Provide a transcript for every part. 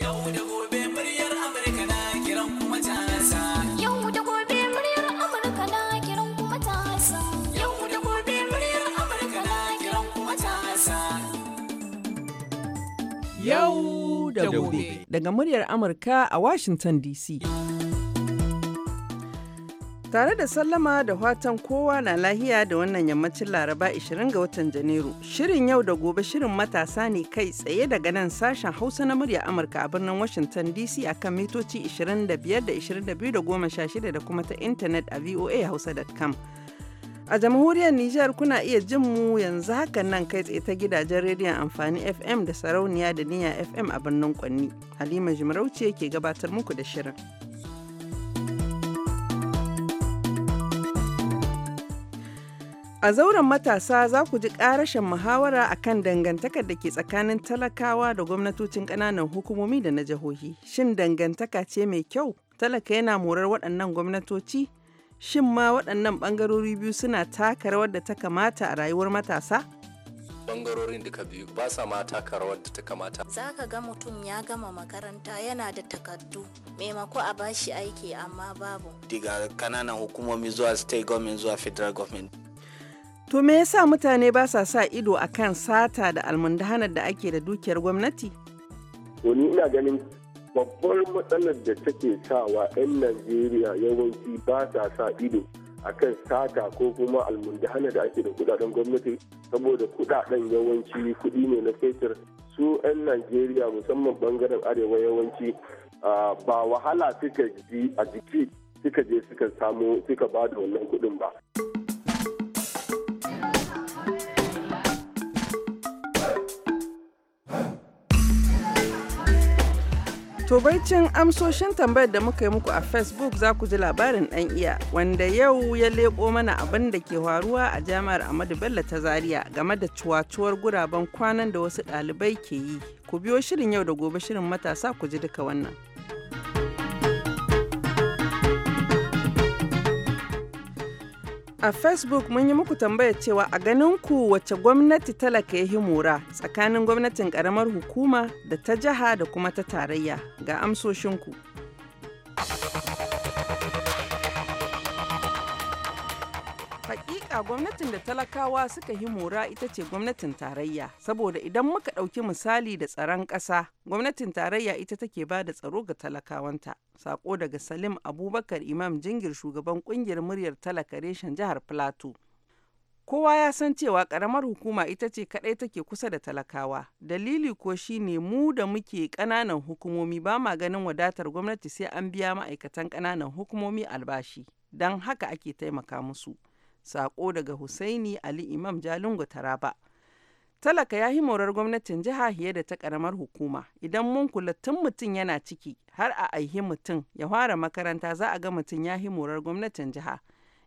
Yau da gobe muryar Amurka na kiran kuma tasa. Yau da gobe muryar Amurka na kiran kuma tasa. Yau da gobe muryar Amurka na kiran kuma tasa. Yau da gobe. Daga muryar Amurka a Washington DC. Tare da sallama da watan kowa na lahiya da wannan yammacin Laraba 20 ga watan Janairu. Shirin yau da gobe shirin matasa ne kai tsaye daga nan sashen Hausa na murya Amurka a birnin Washington DC akan mitoci 25 da 22 da 16 da kuma ta intanet a voa voahausa.com. A jamhuriyar Nijar kuna iya jin mu yanzu hakan nan kai tsaye ta gidajen rediyon amfani FM da sarauniya da niya FM a birnin Kwanni. Halima Jimarauce ke gabatar muku da shirin. A zauren matasa za ku ji ƙarashin muhawara a kan dangantakar da ke tsakanin talakawa da gwamnatocin ƙananan hukumomi da na jihohi. Shin dangantaka ce mai kyau? Talaka yana morar waɗannan gwamnatoci? Shin ma waɗannan ɓangarori biyu suna taka rawar da ta kamata a rayuwar matasa? bangarorin duka biyu ba sa ma taka rawar da ta kamata. Za ka ga mutum ya gama makaranta yana da takardu maimako a bashi aiki amma babu. Diga kananan hukumomi zuwa state government zuwa federal government. To me yasa mutane ba sa sa ido a kan sata da almundahanar da ake da dukiyar gwamnati? To ina ganin babbar matsalar da take sawa 'yan Najeriya yawanci ba sa sa ido a kan sata ko kuma almundahana da ake da kudaden gwamnati saboda kudaden yawanci kudi ne na fetur su 'yan najeriya musamman bangaren arewa yawanci ba wahala suka ji a jiki suka je suka samu suka ba da wannan kudin ba. To barcin amsoshin tambayar da muka yi muku a Facebook za ku ji labarin ɗan iya wanda yau ya leƙo mana abin da ke faruwa a jami'ar Ahmadu Bello ta Zaria game da cuwacuwar guraben kwanan da wasu ɗalibai ke yi. Ku biyo shirin yau da gobe shirin matasa ku ji duka wannan. A Facebook mun yi muku tambaya cewa a ganin ku wacce gwamnati talaka ya himura tsakanin gwamnatin karamar hukuma da ta jiha da kuma ta tarayya ga amsoshinku. hakika gwamnatin da talakawa suka yi mora ita ce gwamnatin tarayya saboda idan muka ɗauki misali da tsaron ƙasa gwamnatin tarayya ita take ba da tsaro ga talakawanta sako daga salim abubakar imam jingir shugaban ƙungiyar muryar talaka reshen jihar plateau kowa ya san cewa ƙaramar hukuma ita ce kaɗai take kusa da talakawa dalili ko shine mu da muke ƙananan hukumomi ba ma ganin wadatar gwamnati sai an biya ma'aikatan ƙananan hukumomi albashi don haka ake taimaka musu Sako daga Husaini Ali Imam Jalingo Taraba. Talaka ya yi morar gwamnatin jiha fiye da ta karamar hukuma. Idan mun kula tun mutum yana ciki har a aihi mutum ya fara makaranta za a ga mutum ya yi morar gwamnatin jiha.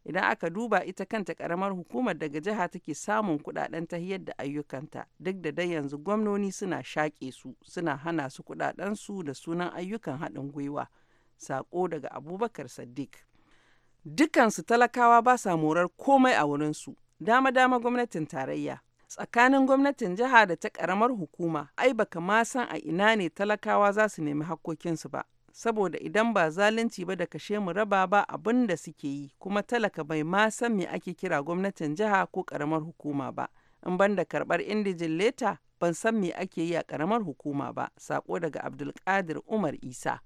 Idan aka duba ita kanta karamar hukumar daga jiha take samun kudaden ta da ayyukanta duk da dai yanzu gwamnoni suna shaƙe su suna hana su kudaden su da sunan ayyukan haɗin gwiwa. Sako daga Abubakar Sadiq. dukansu talakawa ba sa morar komai a wurinsu dama dama gwamnatin tarayya tsakanin gwamnatin jiha da ta karamar hukuma ai baka ma san a ina ne talakawa za su nemi hakkokinsu ba saboda idan ba zalunci ba da kashe mu raba ba abin da suke yi kuma talaka bai ma san me ake kira gwamnatin jiha ko karamar hukuma ba in ban da karbar indijin leta ban san me ake yi a karamar hukuma ba sako daga abdulkadir umar isa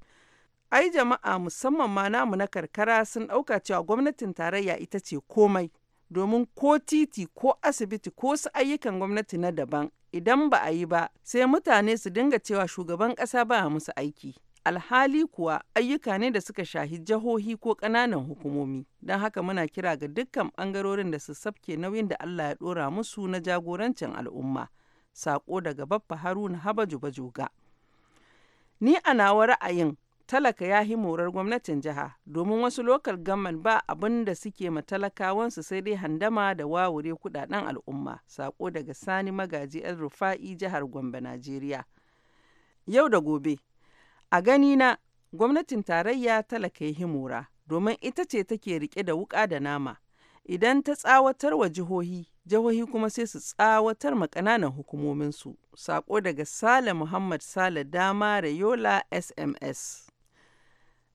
Ai jama'a musamman ma namu na karkara sun ɗauka cewa gwamnatin tarayya ita ce komai. Domin ko titi ko asibiti ko su ayyukan gwamnati na daban idan ba a yi ba sai mutane su dinga cewa shugaban ƙasa ba musu aiki. alhali kuwa ayyuka ne da suka shahi jihohi ko ƙananan hukumomi don haka muna kira ga dukkan ɓangarorin da su sabke nauyin da Allah ya ɗora musu na jagorancin al'umma sako daga babba haruna haba juba ni a nawa ra'ayin talaka ya hi morar gwamnatin jiha domin wasu lokal gamman ba abin da suke ma talakawansu sai dai handama da wawure kudaden al'umma sako daga sani magaji yan rufa'i jihar gombe najeriya yau da gobe a gani na gwamnatin tarayya talaka ya himora domin ita ce take rike da wuka da nama idan ta tsawatar wa jihohi jihohi kuma sai su tsawatar ma ƙananan su sako daga sale muhammad sale dama rayola sms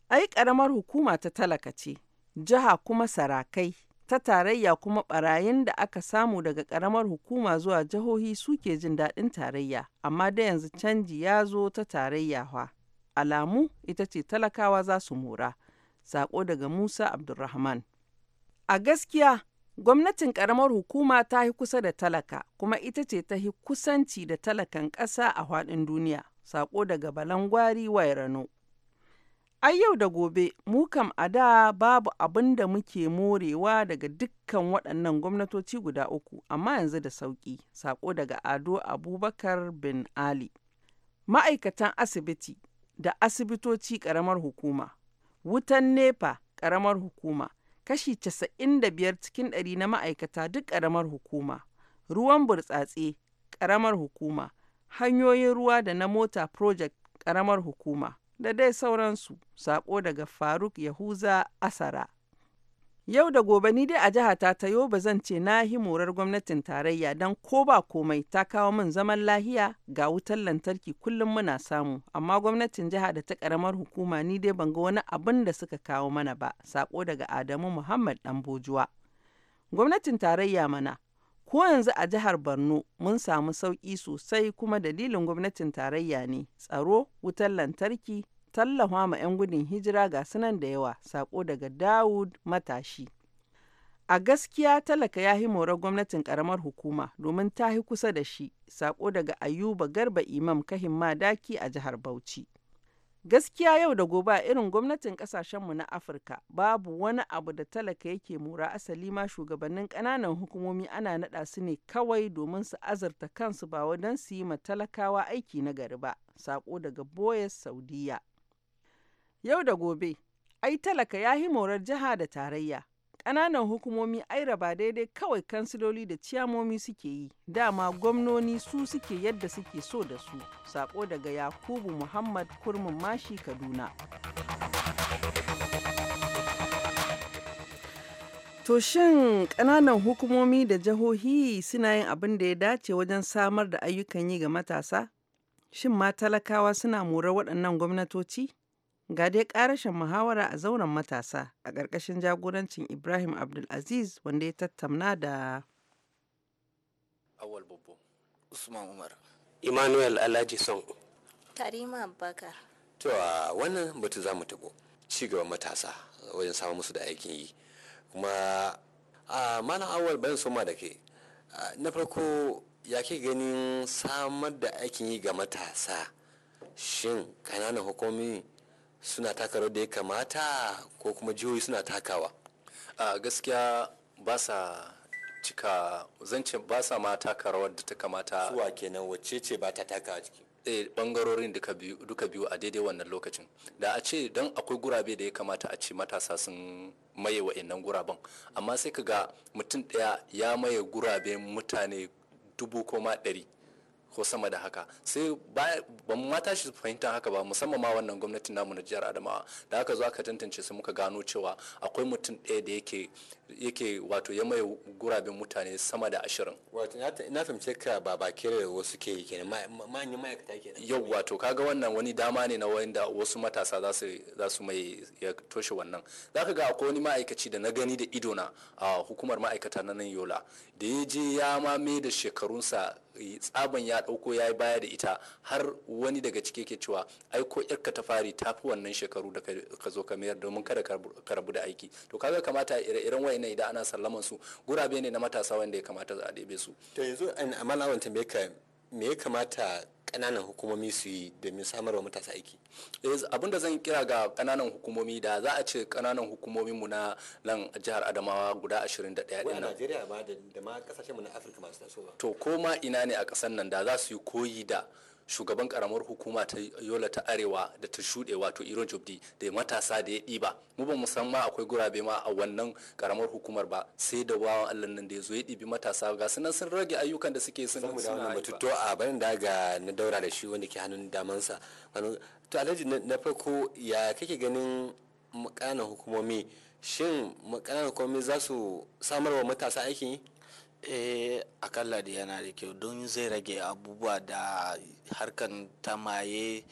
Ai ƙaramar hukuma ta talaka ce, jiha kuma sarakai, ta tarayya kuma ɓarayin da aka samu daga ƙaramar hukuma zuwa jihohi suke jin daɗin tarayya, amma da yanzu canji ya zo ta tarayya fa. Alamu ita ce talakawa za su mora. Sako daga Musa Abdulrahman. A gaskiya Gwamnatin ƙaramar hukuma ta yi kusa da talaka, kuma ita ce ta yi kusanci da talakan ƙasa a faɗin duniya. Sako daga Balangwari Wairano. Ai yau da gobe, mu a da babu abin da muke morewa daga dukkan waɗannan gwamnatoci guda uku, amma yanzu da sauƙi, saƙo daga Ado Abubakar bin Ali. Ma'aikatan asibiti da asibitoci ƙaramar hukuma, wutan nepa ƙaramar hukuma, kashi casa'in da biyar cikin ɗari na ma'aikata duk ƙaramar hukuma, ruwan burtsatse ƙaramar hukuma, hanyoyin ruwa da na mota project ƙaramar hukuma. da dai sauransu sako daga faruk yahuza asara yau da gobe ni dai a jihata ta ba zan ce na hi morar gwamnatin tarayya don ko ba komai ta kawo min zaman lahiya ga wutar lantarki kullum muna samu amma gwamnatin jiha da ta karamar hukuma ni dai ban ga wani abin da suka kawo mana ba sako daga adamu muhammad dan bojuwa gwamnatin tarayya mana ko yanzu a jihar Borno mun samu sauƙi sosai kuma dalilin gwamnatin tarayya ne tsaro wutar lantarki tallafa ma 'yan gudun hijira ga sunan da yawa sako daga Dawud matashi. A gaskiya talaka ya yi morar gwamnatin karamar hukuma domin ta yi kusa da shi, sako daga Ayuba Garba Imam Kahimma Daki a jihar Bauchi. Gaskiya yau da gobe a irin gwamnatin kasashenmu na Afirka babu wani abu da talaka yake mora asali ma shugabannin ƙananan hukumomi ana naɗa su ne kawai domin su azarta kansu ba wadan su yi ma talakawa aiki na gari ba. Sako daga Boyes Saudiya. Yau da gobe, ai talaka ya hi morar jiha da tarayya. ƙananan hukumomi aira ba daidai kawai kansiloli da ciyamomi suke yi dama gwamnoni su suke yadda suke so da su sako daga yakubu muhammad kurmin mashi kaduna To shin ƙananan hukumomi da jihohi suna yin abin da ya dace wajen samar da ayyukan yi ga matasa? Shin ma talakawa suna mora waɗannan gwamnatoci? Ga dai ƙarashen muhawara a zauren matasa a ƙarƙashin jagorancin Ibrahim Abdulaziz wanda ya tattamna da Awal Babbo, Usman Umar, Emmanuel Alhaji son Tarima Abubakar. To a wannan batu za mu tabo ci matasa wajen samun musu da aikin yi. Kuma a mana awal bayan soma da ke na farko ya ke ganin samar da aikin yi ga matasa shin kananan hukumomi suna taka da ya kamata ko kuma jihohi suna takawa a gaskiya ba sa cika zance ba sa ma taka rawar da ta kamata suwa kenan wacce ce ba ta taka a ciki eh bangarorin duka biyu a daidai wannan lokacin da a ce don akwai gurabe da ya kamata a ce matasa sun maye wa'annan guraben amma sai ka ga mutum ɗaya ya maye guraben mutane dubu koma ɗari ko sama da haka sai ba mu mata shi fahimtar haka ba musamman ma wannan gwamnatin namu na jihar adamawa da haka zo aka tantance su muka gano cewa akwai mutum ɗaya da yake yake wato ya maye gurabin mutane sama da ashirin wato na fahimci ka ba ba kere wasu ke kenan manyan ma'aikata da yau wato kaga wannan wani dama ne na wanda wasu matasa za su mai ya toshe wannan za ka ga akwai wani ma'aikaci da na gani da ido na a hukumar ma'aikata na nan yola da ya je ya ma me da shekarunsa eh, tsaban ya dauko ya baya da ita har wani daga cike ke cewa aiko ko yarka ta fari ta fi wannan shekaru da ka zo ka domin kada ka rabu da aiki to kaga kamata ire-iren ne da ana sallaman su gurabe ne na matasa wanda ya kamata a ɗebe su to yanzu a malawan tambaye ka me ya kamata kananan hukumomi su yi domin samarwa matasa aiki eh, abin da zan kira ga kananan hukumomi da za a ce kananan hukumomin mu na nan jihar adamawa guda 21 din nan Najeriya ba da ma kasashen mu na Afirka masu tasowa to koma ina ne a kasan nan da za su yi koyi da shugaban karamar hukuma ta yola ta arewa da ta shuɗe wato iro jobdi da matasa da ya ɗiba mu ba musamman akwai gurabe ma a wannan karamar hukumar ba sai da wawan allan nan da ya zo ya ɗibi matasa ga sunan sun rage ayyukan da suke sun suna batutto a bayan da ga na daura da shi wanda ke hannun damansa to alhaji na farko ya kake ganin mukanan hukumomi shin mukanan hukumomi za su samar wa matasa aikin yi eh akalla da yana da kyau don zai rage abubuwa da harkan maye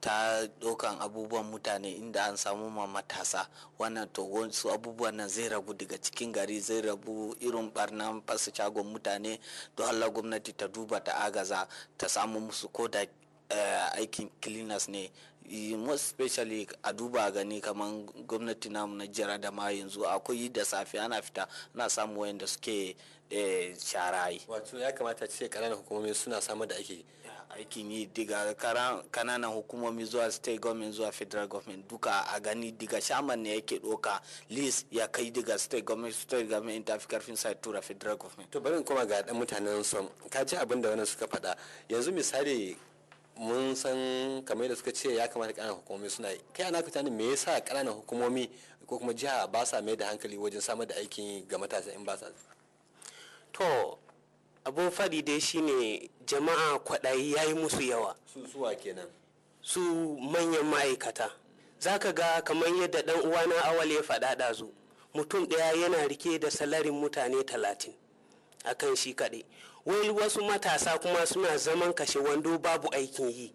ta ɗaukan abubuwan mutane inda an samu ma matasa wannan to wasu abubuwan nan zai ragu daga cikin gari zai rabu irin barnan fasa shagon mutane don allah gwamnati ta duba ta agaza ta samu musu ko da eh, aikin cleaners ne Eh, most especially a duba gani kamar gwamnati namu na jira da ma yanzu akwai da safe ana fita ana samu da suke eh, sharayi wato ya kamata ce kananan hukumomi suna samar da ake aikin yi diga kananan hukumomi zuwa state government zuwa federal government duka a gani diga shaman ne yake doka list ya kai diga state government state government ta fi karfin sai tura federal government to bari in koma ga dan mutanen son ka ji abin da wannan suka faɗa yanzu misali mun san kamar da suka ce ya kamata ƙananan hukumomi suna yi kai ana fita ne me yasa ƙananan hukumomi ko kuma jiha ba sa mai da hankali wajen samar da aiki ga matasa in ba sa to abun fadi dai shine jama'a kwaɗayi ya yi musu yawa su suwa kenan su manyan ma'aikata za ka ga kamar yadda ɗan uwana awal ya faɗa ɗazu mutum ɗaya yana rike da salarin mutane talatin a shi kaɗai wai wasu matasa kuma suna zaman kashe wando babu aikin yi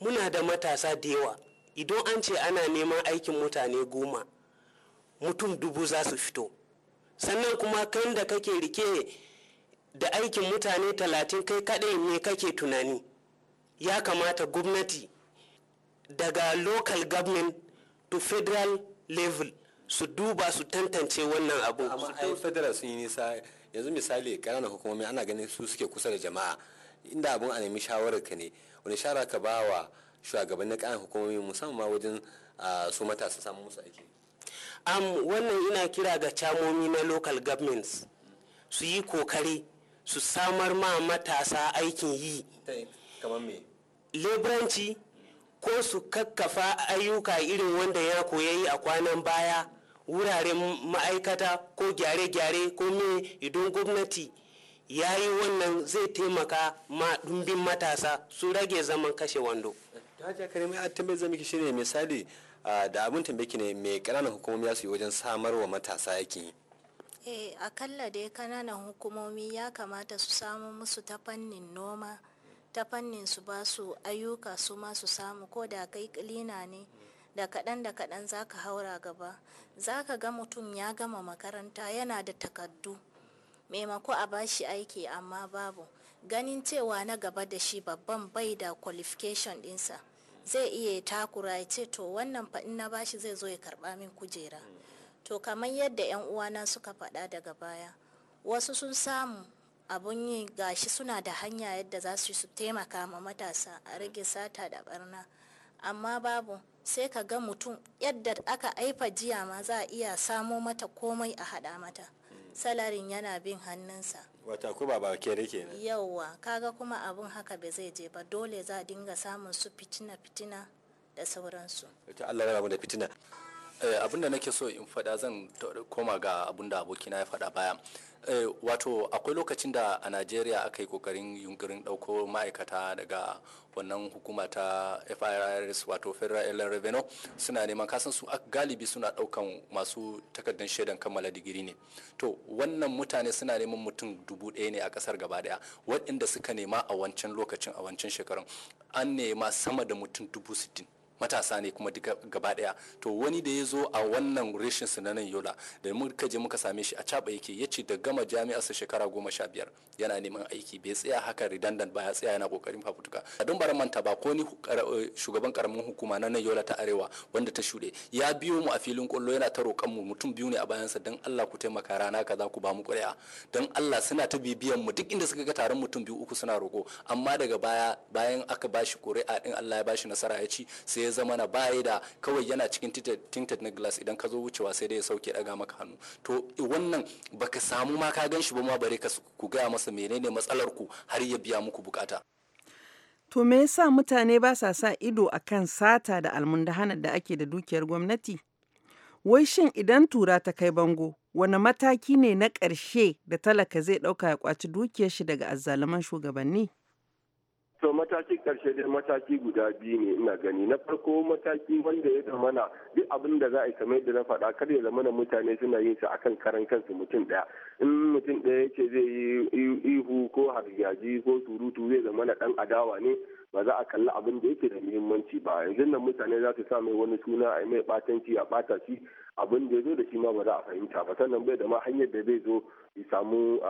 muna da matasa da yawa idan an ce ana neman aikin mutane goma mutum dubu za su fito sannan kuma kan da kake rike da aikin mutane talatin kai kadai ne kake tunani ya kamata gwamnati daga local government to federal level su duba su tantance wannan abu. amma federal sun yi nisa yanzu misali ƙananan hukumomi ana ganin su suke kusa da jama'a inda abun a nemi shawarar ka ne wani shara ka ba wa shugabannin ƙananan hukumomi musamman wajen su matasa samun musu aiki am wannan ina kira ga camomi na local governments su yi kokari su samar ma matasa aikin yi leburanci ko su kakkafa ayyuka irin wanda ya koyayi a kwanan baya wuraren ma'aikata ko gyare-gyare ko me idan gwamnati ya yi wannan zai taimaka ma dumbin matasa su rage zaman kashe wando. Hajiya kare mai tambayar zama ki shine misali da abin tambayki ne mai ƙananan hukumomi ya su yi wajen samar wa matasa yaki. Eh akalla dai kananan hukumomi ya kamata su samu musu ta fannin noma ta fannin su ba su ayyuka su ma su samu ko da kai kilina ne. da kaɗan da kaɗan za ka haura gaba za ka ga mutum ya gama makaranta yana da takaddu maimako a bashi aiki amma babu ganin cewa na gaba da shi babban bai da qualification ɗinsa zai iya takura ya ce to wannan faɗin na bashi zai zo ya karɓa min kujera to kamar yadda 'yan uwana suka faɗa daga baya wasu sun samu abun yi gashi suna da hanya yadda za su taimaka ma matasa a rage sata da barna amma babu sai ka ga mutum yadda aka aifa jiya ma za a iya samo mata komai a haɗa mata salarin yana bin hannunsa wata ku ba ke ne yauwa kaga kuma abun haka ba zai je ba dole za a dinga samun su fitina fitina da sauransu ita Allah ya da fitina eh, abinda nake so in faɗa zan koma ga abinda abokina ya faɗa baya Eh, wato akwai lokacin da a najeriya aka yi kokarin yunkurin ɗauko ma'aikata daga wannan hukuma ta firs wato federal revenue suna neman kasan su galibi suna ɗaukan masu takardar shaidan kammala digiri ne to wannan mutane suna neman mutum dubu ɗaya ne a ƙasar gaba daya waɗanda suka nema a wancan lokacin a wancan shekarun an nema sama da mutum dubu sittin matasa ne kuma gaba daya to wani da ya zo a wannan rashin su na nan yola da muka je muka same shi a caba yake ya ce da gama jami'arsa shekara goma sha biyar yana neman aiki bai tsaya haka redundant ba ya tsaya yana kokarin fafutuka a don bara manta ba ko ni eh, shugaban karamin hukuma na nan yola ta arewa wanda ta shuɗe ya biyo mu a filin kwallo yana ta roƙan mu mutum biyu ne a bayansa don Allah ku taimaka rana kaza ku ba mu ƙuri'a don Allah suna ta bibiyan mu duk inda suka ga taron mutum biyu uku suna roƙo amma daga baya bayan aka bashi ƙuri'a din Allah ya bashi nasara ya ci sai zama na baya da kawai yana cikin tinted na glass idan ka zo wucewa sai dai ya sauke daga maka hannu to eh, wannan baka samu ma ka gan ba ma bare ka ku gaya masa menene matsalar ku har ya biya muku bukata to me yasa mutane ba sa sa ido akan sata da almundahanar da ake da dukiyar gwamnati wai shin idan tura ta kai bango wani mataki ne na ƙarshe da talaka zai ɗauka ya kwaci dukiyar shi daga azzaluman shugabanni to matakin karshe dai mataki guda biyu ne ina gani na farko mataki wanda ya zamana duk abin da za a yi kamar yadda na faɗa kar ya zamana mutane suna yin sa akan karan kansu mutum ɗaya in mutum ɗaya yake zai yi ihu ko harjaji ko surutu zai zama na ɗan adawa ne ba za a kalli abin da yake da muhimmanci ba yanzu nan mutane za su sa wani suna a mai batanci a bata shi abin da ya zo da shi ma ba za a fahimta ba sannan bai da ma hanyar da zai zo ya samu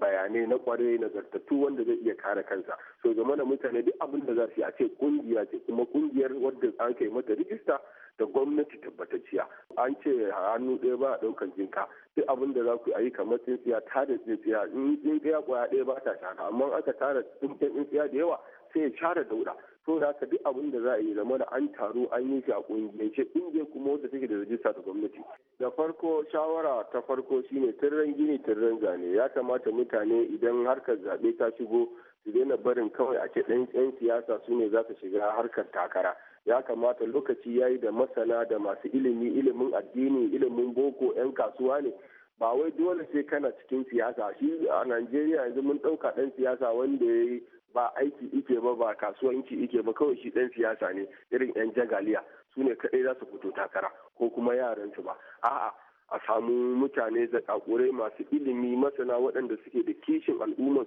bayanai na kware na zartattu wanda zai iya kare kansa so game da mutane duk abin da za su yi a ce kungiya ce kuma kungiyar wadda an kai mata rijista da gwamnati tabbatacciya an ce hannu ɗaya ba a ɗaukan jinka duk abin da za ku yi kamar tsintsiya tare tsintsiya in tsintsiya kwaya ɗaya ba ta shaka amma aka tara tsintsiya da yawa sai ya share dauda so da haka duk abin da za a yi zama da an taru an yi shi a kungiyance kungiyar kuma wadda take da rajista da gwamnati da farko shawara ta farko shine tirren gini tirren zane ya kamata mutane idan harkar zaɓe ta shigo su daina barin kawai a ce ɗan siyasa su ne za su shiga harkar takara ya kamata lokaci ya yi da masana da masu ilimi ilimin addini ilimin boko 'yan kasuwa ne ba wai dole sai kana cikin siyasa shi a najeriya yanzu mun ɗauka ɗan siyasa wanda ya yi ba aiki ike ba ba kasuwanci ike ba kawai shi ɗan siyasa ne irin 'yan jagaliya su ne kaɗai za su fito takara ko kuma yaran su ba a'a a samu mutane da zakakurai masu ilimi masana waɗanda suke da kishin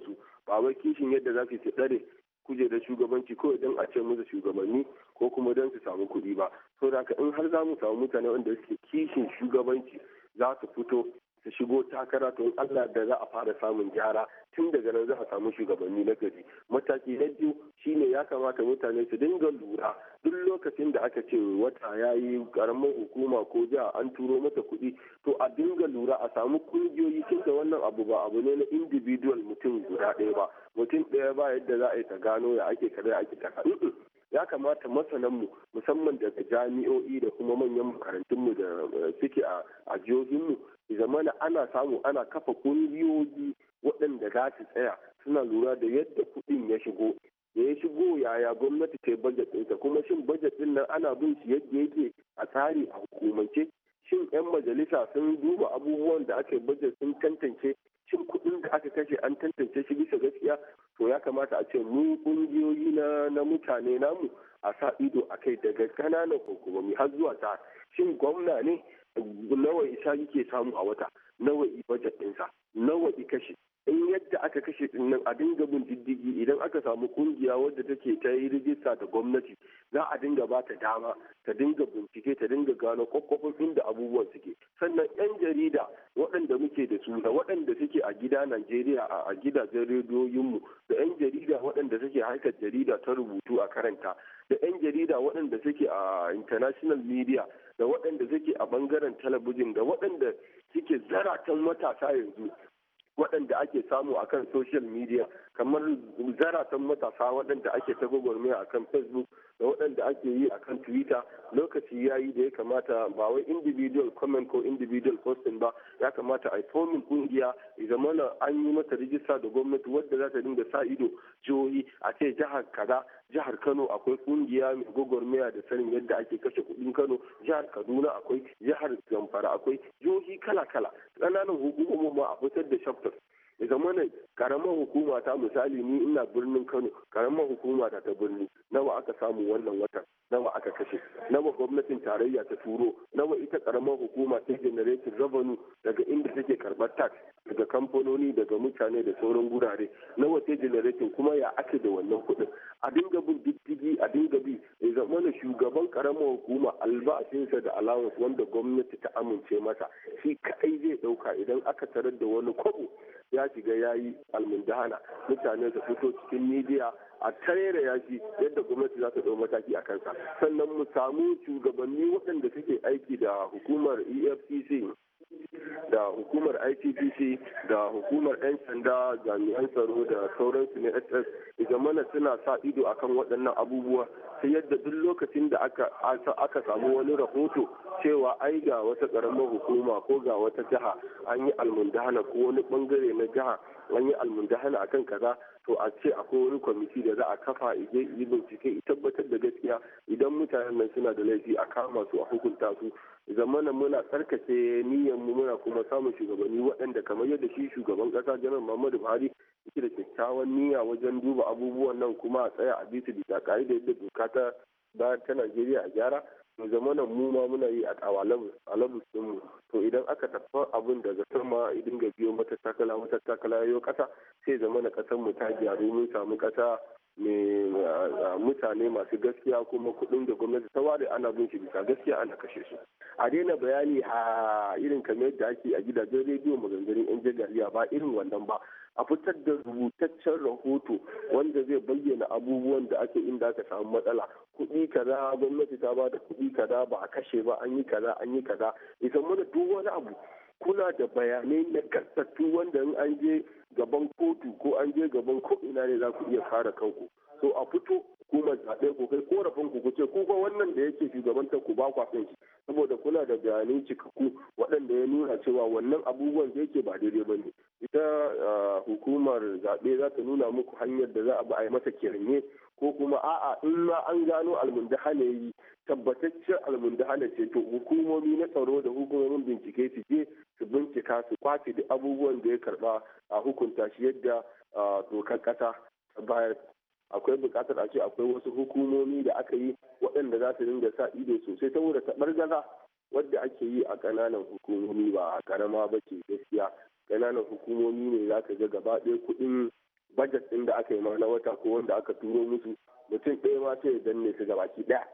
su ba wai kishin yadda za su tsare kujerar shugabanci kawai don a ce musu shugabanni ko kuma don su samu kuɗi ba so da in har za mu samu mutane wanda suke kishin shugabanci za su fito ta shigo takara to Allah da za a fara samun gyara tun daga nan za a samu shugabanni na gari mataki na biyu shine ya kamata mutane su dinga lura duk lokacin da aka ce wata ya yi karamin hukuma ko jiha an turo mata kuɗi to a dinga lura a samu kungiyoyi tun da wannan abu ba abu ne na individual mutum guda ɗaya ba mutum ɗaya ba yadda za a yi ta gano ya ake kare ake ta ya kamata masananmu musamman daga jami'o'i da kuma manyan makarantunmu da eh, suke a jihohinmu zamana ana samu ana kafa ƙungiyoyi waɗanda za su tsaya suna lura da yadda kuɗin ya shigo da ya shigo yaya gwamnati ce bajet ɗinsa kuma shin bajet ɗin nan ana bin shi yadda yake a tsari a hukumance shin 'yan majalisa sun duba abubuwan da ake bajet sun tantance Cin kuɗin da aka kashe an tantance shi bisa gaskiya to ya kamata a ce mu ƙungiyoyi na na mutane namu a sa ido a kai daga ƙananan hukumomi har zuwa ta shin gwamna ne nawa isa yake samu a wata nawa i ɗinsa nawa ikashi kashe in yadda aka kashe dinnan a dinga bin diddigi idan aka samu kungiya wadda take ta yi rijista ta gwamnati za a dinga ba ta dama ta dinga bincike ta dinga gano kwakwafin inda abubuwan suke sannan yan jarida waɗanda muke da su da waɗanda suke a gida najeriya a gidajen rediyoyinmu da yan jarida waɗanda suke harkar jarida ta rubutu a karanta da yan jarida waɗanda suke a international media da waɗanda suke a bangaren talabijin da waɗanda suke zaratan matasa yanzu waɗanda ake samu akan social media kamar zaratan matasa waɗanda ake ta gwagwarmaya kan facebook da waɗanda ake yi a kan twitter lokaci ya yi da ya kamata ba wai individual comment ko individual posting ba ya kamata a fomin kungiya na an yi mata rijista da gwamnati wadda za ta dinga sa ido jihohi a ce jihar kaza jihar kano akwai kungiya mai gwagwarmaya da sanin yadda ake kashe kuɗin kano jihar kaduna akwai jihar zamfara akwai jihohi kala kala ƙananan hukumomi ma a fitar da shafta ya zama karamar hukuma ta misali ni ina birnin kano karamar hukuma ta ta birni nawa aka samu wannan watan nawa aka kashe nawa gwamnatin tarayya ta turo nawa ita karamar hukuma ta generating revenue daga inda take karbar tax daga kamfanoni daga mutane da sauran gurare nawa ta generating kuma ya ake da wannan kuɗin a dinga bin diddigi a dinga bi ya zama na shugaban karamar hukuma albashinsa da allowance wanda gwamnati ta amince masa shi kaɗai zai ɗauka idan aka tarar da wani kwabo ya shiga ya yi almundahana mutane su fito cikin midiya a tarera ya shi yadda gwamnati za ta ɗau mataki a kansa sannan mu samu shugabanni waɗanda suke aiki da hukumar efcc da hukumar ITPC da hukumar 'yan sanda jami'an tsaro da sauransu na SS mana suna sa ido akan waɗannan abubuwa ta yadda duk lokacin da aka samu wani rahoto cewa ai ga wata karamar hukuma ko ga wata jiha an yi almundahana ko wani bangare na jiha an yi almundahana akan kaza to a ce akwai wani kwamiti da za a kafa ije yi bincike i tabbatar da gaskiya idan mutanen nan suna da laifi a kama su a hukunta su zamana muna tsarkace niyyar mu muna kuma samun shugabanni waɗanda kamar yadda shi shugaban ƙasa janar muhammadu buhari aiki da kyakkyawan niyya wajen duba abubuwan nan kuma a tsaya a bisa bisa ka'ida yadda doka ta bayar ta najeriya a gyara mu zama mu ma muna yi a alabus mu to idan aka tafi abin da zaton ma idan ga biyo mata takala mata takala yau kasa sai zama na kasan mu ta gyaru mun samu kasa mutane masu gaskiya kuma kuɗin da gwamnati ta ware ana bin shi bisa gaskiya ana kashe su a daina bayani a irin kamar yadda ake a gidajen rediyo maganganun yan jagariya ba irin wannan ba a fitar da rubutaccen rahoto wanda zai bayyana abubuwan da ake inda aka samu matsala kuɗi kaza gwamnati ta ba da kuɗi kaza ba a kashe ba an yi kaza an yi kaza isan mana duk wani abu kuna da bayanai na gasattu wanda in an je gaban kotu ko an je gaban ko ina ne za ku iya kare kanku so a fito hukumar zaɓe ko kai korafin ku kuce ku wannan da yake shugabanta ku ba kwa shi saboda kuna da bayanai cikakku waɗanda ya nuna cewa wannan abubuwan da yake ba daidai ba ne ita hukumar zaɓe za ta nuna muku hanyar da za a bi mata kiranye ko kuma a'a in ma an gano almundahane yi tabbataccen almundahane ce to hukumomi na tsaro da hukumomin bincike su je su bincika su kwace da abubuwan da ya karba a hukunta shi yadda dokar ƙasa bayar akwai buƙatar a ce akwai wasu hukumomi da aka yi waɗanda za su dinga sa ido sosai saboda taɓar gaza wadda ake yi a ƙananan hukumomi ba a ƙarama ba ke gaskiya kananan hukumomi ne za ka ga gaba ɗaya kuɗin bajet ɗin da aka yi ma na wata ko wanda aka turo musu mutum ɗaya ma sai ya danne su ki ɗaya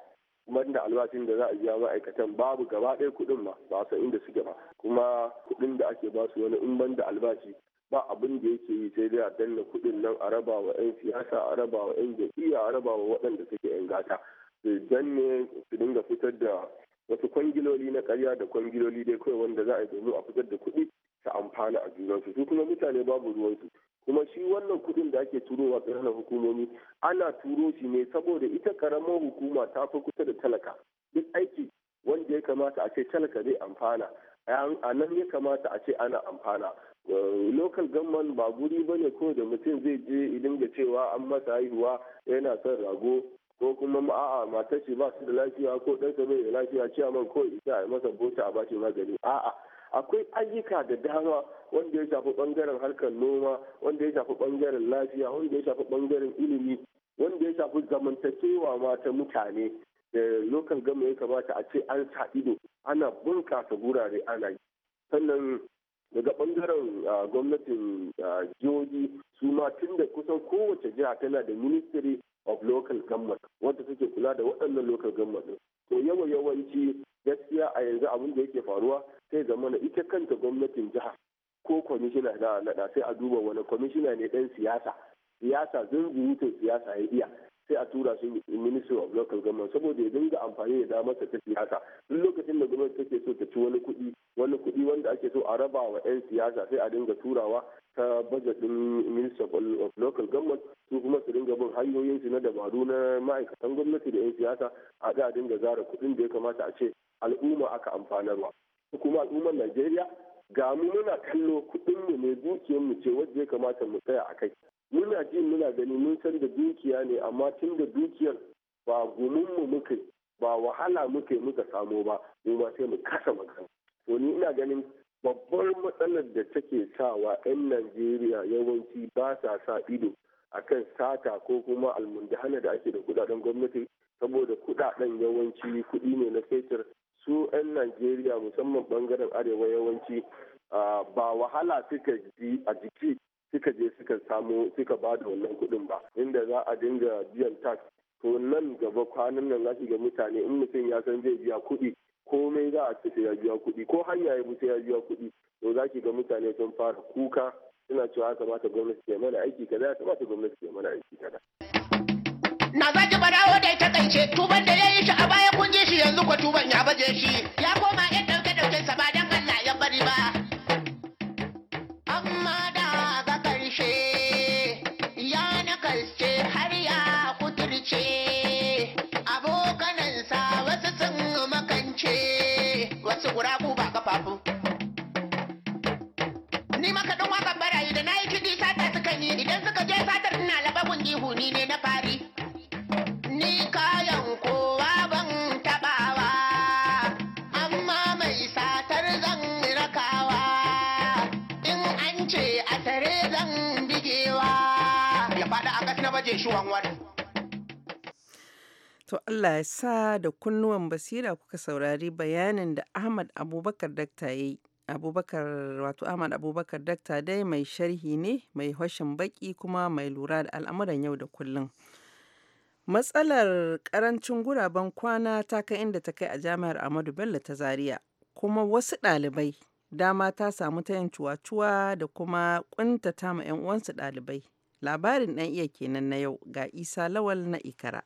banda albashin da za a biya ma'aikatan babu gaba ɗaya kuɗin ma ba inda suke ba kuma kuɗin da ake basu wani in banda albashi ba abin da yake yi sai dai a danna kuɗin nan a raba wa 'yan siyasa a raba wa 'yan jam'iyya a raba wa waɗanda suke 'yan gata su danne su dinga fitar da wasu kwangiloli na karya da kwangiloli dai kawai wanda za a yi domin a fitar da kuɗi ta amfana a junansu su kuma mutane babu ruwansu kuma shi wannan kuɗin da ake turowa tsananin hukumomi ana turo shi ne saboda ita karamar hukuma ta fi kusa da talaka duk aiki wanda ya kamata a ce talaka zai amfana a nan ya kamata a ce ana amfana eh, local government ba guri ba ne ko da mutum zai je idan da cewa an masa haihuwa yana son rago ko kuma a'a matar shi ba su da lafiya ko ɗansa bai da lafiya ciyaman ko isa a masa bota a bashi magani a'a akwai ayyuka da dama wanda ya shafi bangaren harkar noma wanda ya shafi bangaren lafiya wanda ya shafi bangaren ilimi wanda ya shafi zamantakewa ma mutane da lokan gama ya kamata a ce an sa ido ana bunkasa gurare ana yi sannan daga bangaren gwamnatin jihohi su ma tun da kusan kowace jiha tana da ministry of local government wanda suke kula da waɗannan local government to yawa yawanci gaskiya a yanzu abin da yake faruwa zamana ita kanta gwamnatin jiha ko kwamishina na nada sai a duba wani kwamishina ne dan siyasa siyasa zunzurutun siyasa ya iya sai a tura su ministry of local government saboda ya dinga amfani da damarsa ta siyasa duk lokacin da gwamnati take so ta ci wani kuɗi wani kuɗi wanda ake so a raba wa 'yan siyasa sai a dinga turawa ta budget din minister of local government su kuma su dinga bin hanyoyin su na dabaru na ma'aikatan gwamnati da 'yan siyasa a da dinga zara kuɗin da ya kamata a ce al'umma aka amfanarwa kuma al'ummar Najeriya ga mu muna kallo mu ne dukiyarmu ce wadda ya kamata mu tsaya a kai. Muna ji muna gani mun san da dukiya ne amma tun da dukiyar ba mu muke ba wahala muka muka samo ba mu ma sai mu kasa magana. To ni ina ganin babbar matsalar da take sawa 'yan Najeriya yawanci ba sa sa ido akan sata ko kuma almundahana da ake da kudaden gwamnati saboda kudaden yawanci kudi ne na fetur su 'yan najeriya musamman bangaren arewa yawanci ba wahala suka ji a jiki suka je suka samu suka ba da wannan kuɗin ba inda za a dinga biyan tax to nan gaba kwanan nan za ga mutane in mutum ya san zai biya kuɗi komai za a ce ya biya kuɗi ko hanya ya sai ya biya kuɗi to za ga mutane sun fara kuka suna cewa ya kamata gwamnati ya mana aiki kaza ya kamata gwamnati ya mana aiki kaza. na zaki barawo da ya kaice tuban da yayi shi a baya kun ji shi yanzu ko tuban ya baje shi ya koma 'yan dauke dauken sa ba don Allah ya bari ba To Allah ya sa da kunnuwan basira kuka saurari bayanin da Ahmad Abubakar Dakta ya yi. Abubakar wato Ahmad Abubakar Dakta dai mai sharhi ne, mai hashin baki kuma mai lura da al'amuran yau da kullum. Matsalar karancin guraben kwana ta kai inda ta kai a jami'ar Ahmadu Bello ta Zaria, kuma wasu ɗalibai dama ta samu ta yin cuwa-cuwa da kuma ƙuntata ma 'yan uwansu ɗalibai Labarin ɗan iya kenan na yau ga Isa Lawal na Ikara.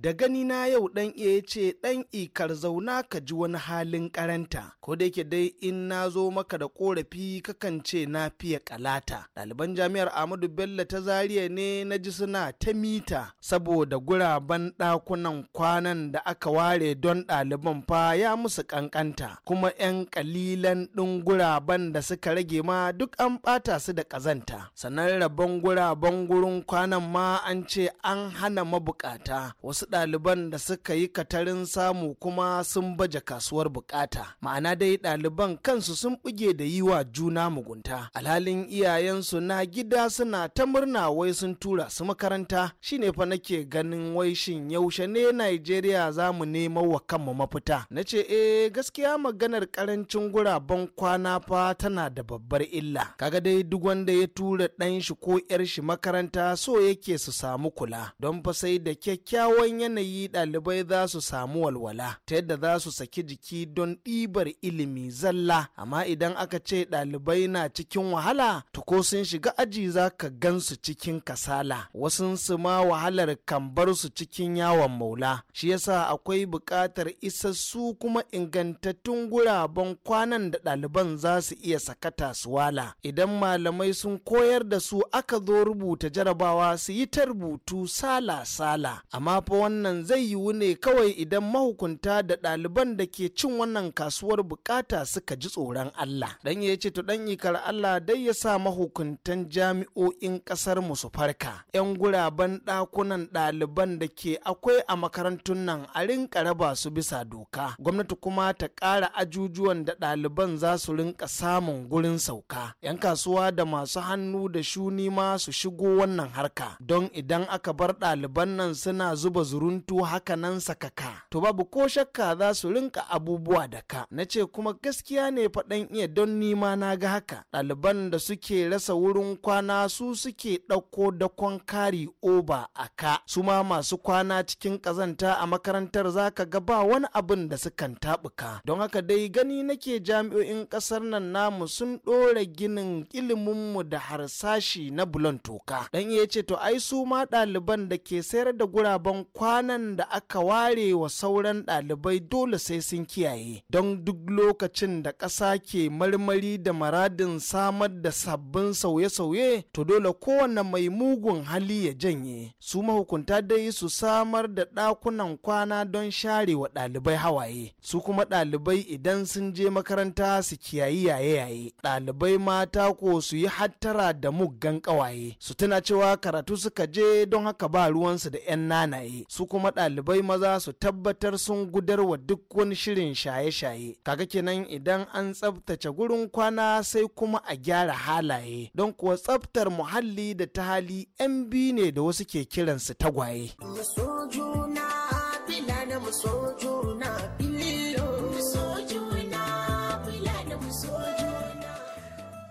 da gani na yau dan iya ya ce dan ikar zauna ka ji wani halin karanta ko da yake dai in na zo maka da korafi kakan ce na fiye kalata ɗaliban jami'ar ahmadu bello ta Zariya ne na ji suna ta mita saboda guraben ɗakunan kwanan da aka ware don ɗaliban fa ya musu kankanta kuma 'yan kalilan ɗin guraben da suka rage ma duk an ɓata su da ƙazanta sannan rabon guraben gurin kwanan ma an ce an hana mabukata wasu wasu ɗaliban da suka yi katarin samu kuma sun baje kasuwar bukata ma'ana dai ɗaliban kansu sun buge da yi wa juna mugunta alhalin iyayensu na gida suna ta murna wai sun tura su makaranta shine fa nake ganin wai shin yaushe ne Najeriya za mu nemo wa kanmu mafita na ce eh gaskiya maganar karancin guraben kwana fa tana da babbar illa kaga dai duk wanda ya tura ɗan shi ko 'yar shi makaranta so yake su samu kula don fa sai da kyakkyawan wannan yanayi ɗalibai za su samu walwala ta yadda za su saki jiki don ɗibar ilimi zalla amma idan aka ce ɗalibai na cikin wahala to ko sun shiga aji za ka gan su cikin kasala Wasu su ma wahalar kan bar su cikin yawon maula shi yasa akwai buƙatar isassu kuma ingantattun guraben kwanan da ɗaliban za su iya sakata su wala idan malamai sun koyar da su aka zo rubuta jarabawa su yi ta rubutu sala sala amma fa wannan zai yiwu ne kawai idan mahukunta da ɗaliban da ke cin wannan kasuwar bukata suka ji tsoron Allah. Dan ya ce to dan ikar Allah dai ya sa mahukuntan jami'o'in ƙasar mu su farka. 'Yan guraben ɗakunan ɗaliban da ke akwai a makarantun nan a rinka raba su bisa doka. Gwamnati kuma ta ƙara ajujuwan da ɗaliban za su rinka samun gurin sauka. 'Yan kasuwa da masu hannu da shuni ma su shigo wannan harka. Don idan aka bar ɗaliban nan suna zuba zuruntu haka nan sakaka to babu ko shakka za su rinka abubuwa da ka na ce kuma gaskiya ne faɗan iya don nima na ga haka ɗaliban da suke rasa wurin kwana su suke ɗauko dakon kari oba a ka su ma masu kwana cikin ƙazanta a makarantar zaka ga ba wani abin da sukan taɓuka don haka dai gani nake jami'o'in ƙasar nan namu sun ɗora ginin iliminmu da harsashi na bulon toka dan iya ce to ai su ma ɗaliban da ke sayar da guraben kwanan da aka ware wa sauran ɗalibai dole sai sun kiyaye don duk lokacin da ƙasa ke marmari da maradin samar da sabbin sauye-sauye to dole kowane mai mugun hali ya janye su mahukunta dai su samar da ɗakunan kwana don share wa ɗalibai hawaye su kuma ɗalibai idan sun je makaranta su kiyayi yaye-yaye ɗalibai mata ko su yi hattara da muggan ƙawaye su tana cewa karatu suka je don haka ba ruwansu da 'yan nanaye su kuma ɗalibai maza su tabbatar sun gudar wa duk wani shirin shaye-shaye kaga kenan idan an tsabtace gurin kwana sai kuma a gyara halaye don kuwa tsabtar muhalli da ta hali 'yan biyu ne da wasu ke kiransu tagwaye.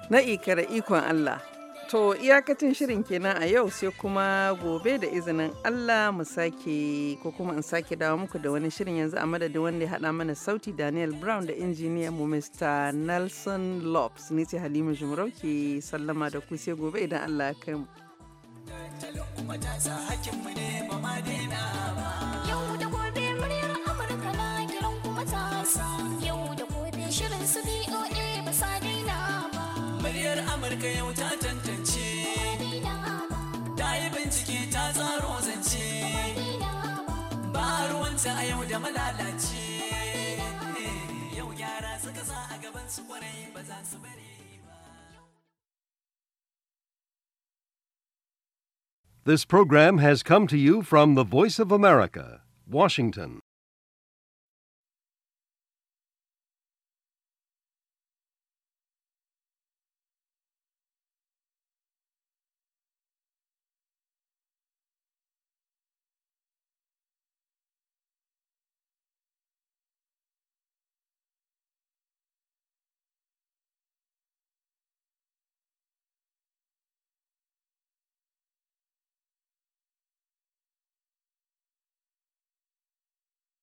na ikara ikon Allah To iyakacin shirin kenan a yau sai kuma gobe da izinin Allah mu sake ko kuma in sake dawo muku da wani shirin yanzu a madadin wanda ya haɗa mana sauti Daniel Brown da injiniya mu Mr. Nelson Lopes ni ce Halima Jumrau ke sallama da ku sai gobe idan Allah ya kai mu. Yau da gobe Amurka da malalaci eh, yau suka sa a gaban su kwarai ba za su bari This program has come to you from the Voice of America, Washington.